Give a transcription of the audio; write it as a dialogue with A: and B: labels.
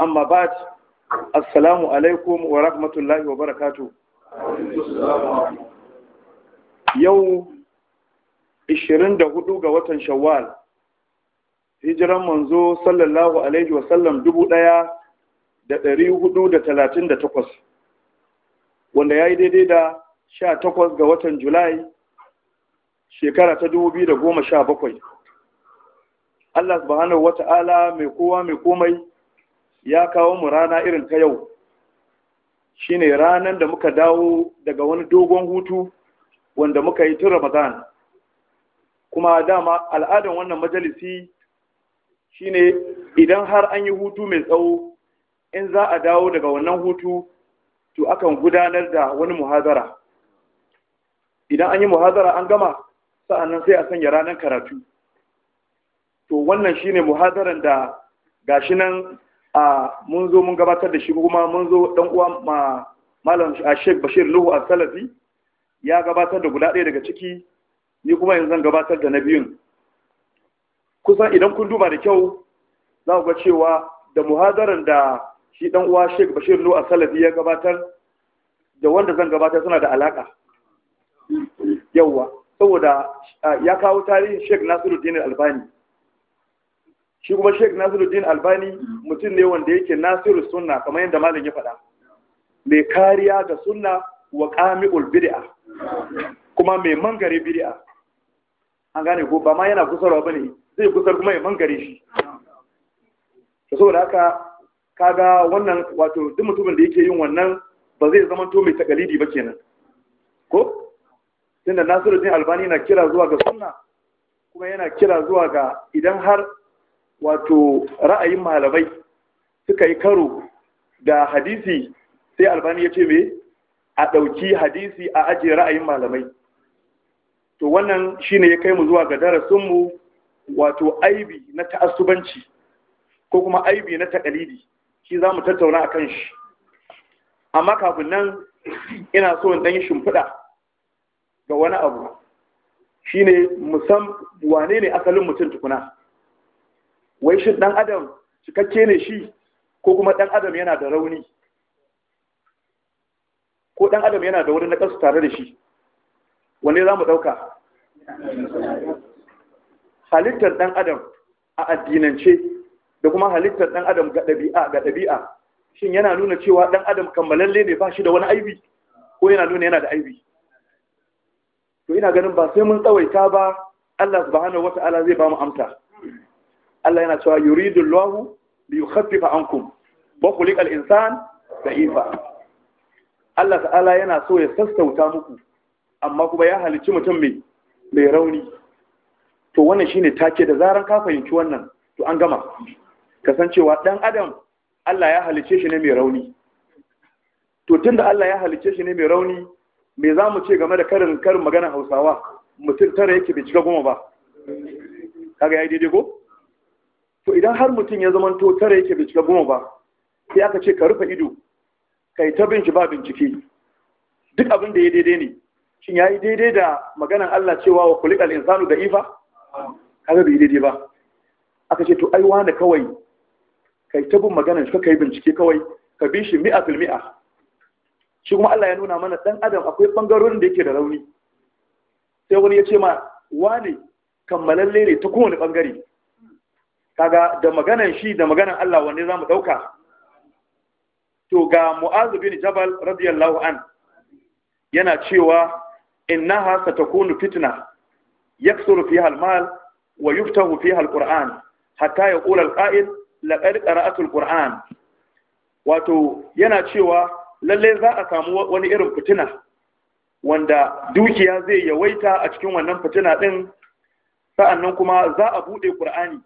A: amma ba assalamu alaikum wa rahmatullahi wa barakatu yau 24 ga watan shawwal hijiran manzo sallallahu alaihi wa sallam dubu daya da dari hudu da talatin da takwas wanda ya yi daidai da sha takwas ga watan julai shekara ta dubu biyu da goma sha bakwai allah subhanahu wa ta'ala mai kowa mai komai ya kawo mu rana irin ta yau shine ranan da muka dawo daga wani dogon hutu wanda muka yi tun Ramadan kuma dama al'adan wannan majalisi shine idan har an yi hutu mai tsawo in za a dawo daga wannan hutu to akan gudanar da wani muhazara idan an yi muhazara an gama nan sai a sanya ranar karatu to wannan shine muhazaran da gashi nan a mun zo mun gabatar da shi kuma mun zo dan uwa ma malam Sheikh Bashir Luhu al-Salafi ya gabatar da guda ɗaya daga ciki ni kuma yanzu zan gabatar da na biyun kusan idan kun duba da kyau za ku ga cewa da muhadaran da shi dan uwa Sheikh Bashir Luhu al-Salafi ya gabatar da wanda zan gabatar suna da alaka yawa saboda ya kawo tarihin Sheikh Nasiruddin Albani shi kuma Sheikh Nasiruddin Albani mutum ne wanda yake nasiru sunna kamar yadda malam ya faɗa mai kariya ga sunna wa qami'ul bid'a kuma mai mangare bid'a an gane ko ba ma yana ba ne, zai kusar kuma ya mangare shi so saboda haka kaga wannan wato duk mutumin da yake yin wannan ba zai zama to mai takalidi ba kenan ko tunda Nasiruddin Albani na kira zuwa ga sunna kuma yana kira zuwa ga idan har wato ra'ayin malamai suka yi karo da hadisi sai albani ya ce me a ɗauki hadisi a ajiye ra'ayin malamai to wannan shine ya kai mu zuwa ga darasin mu wato aibi na ta'assubanci ko kuma aibi na takalidi shi za mu tattauna a kan shi amma kafin nan ina so in yi shimfiɗa ga wani abu shine musam wane ne asalin mutum tukuna wai shin ɗan adam cikakke ne shi ko kuma ɗan adam yana da rauni ko ɗan adam yana da wani na ƙasa tare da shi wanne za mu ɗauka halittar ɗan adam a addinance da kuma halittar ɗan adam ga ɗabi'a ga ɗabi'a shin yana nuna cewa ɗan adam kammalalle ne ba shi da wani aibi ko yana nuna yana da aibi to ina ganin ba sai mun tsawaita ba Allah subhanahu wata'ala zai ba mu amsa Allah yana cewa yuridu Allahu li yukhaffifa ankum wa khuliqa al-insan da'ifa Allah ta'ala yana so ya sassauta muku amma kuma ya halicci mutum mai mai rauni to wannan shine take da zaran ka fahimci wannan to an gama kasancewa dan adam Allah ya halicce shi ne mai rauni to tunda Allah ya halicce shi ne mai rauni me za mu ce game da karin karin magana Hausawa mutum tara yake bai shiga goma ba kaga yayi daidai ko to idan har mutum ya zama to tara yake bai cika goma ba sai aka ce ka rufe ido ka yi ta binci ba bincike duk abin da ya daidai ne shin ya yi daidai da maganan Allah cewa wa kulikal insanu da ifa kaga bai daidai ba aka ce to ai wani kawai yi ta bin maganan shi yi bincike kawai ka bi shi mi'a fil mi'a shi kuma Allah ya nuna mana dan adam akwai bangarorin da yake da rauni sai wani ya ce ma wani kammalalle ne ta kowane bangare kaga da maganan shi da maganan Allah wanne zamu dauka to ga Mu'az bin Jabal radiyallahu an yana cewa innaha satakunu fitna yaksuru fiha al-mal wa yuftahu fiha al hatta yaqula ƙular qail laqad qara'atu al wato yana cewa lalle za a samu wani irin fitina wanda dukiya zai yawaita a cikin wannan fitina din sa'annan kuma za a bude Qur'ani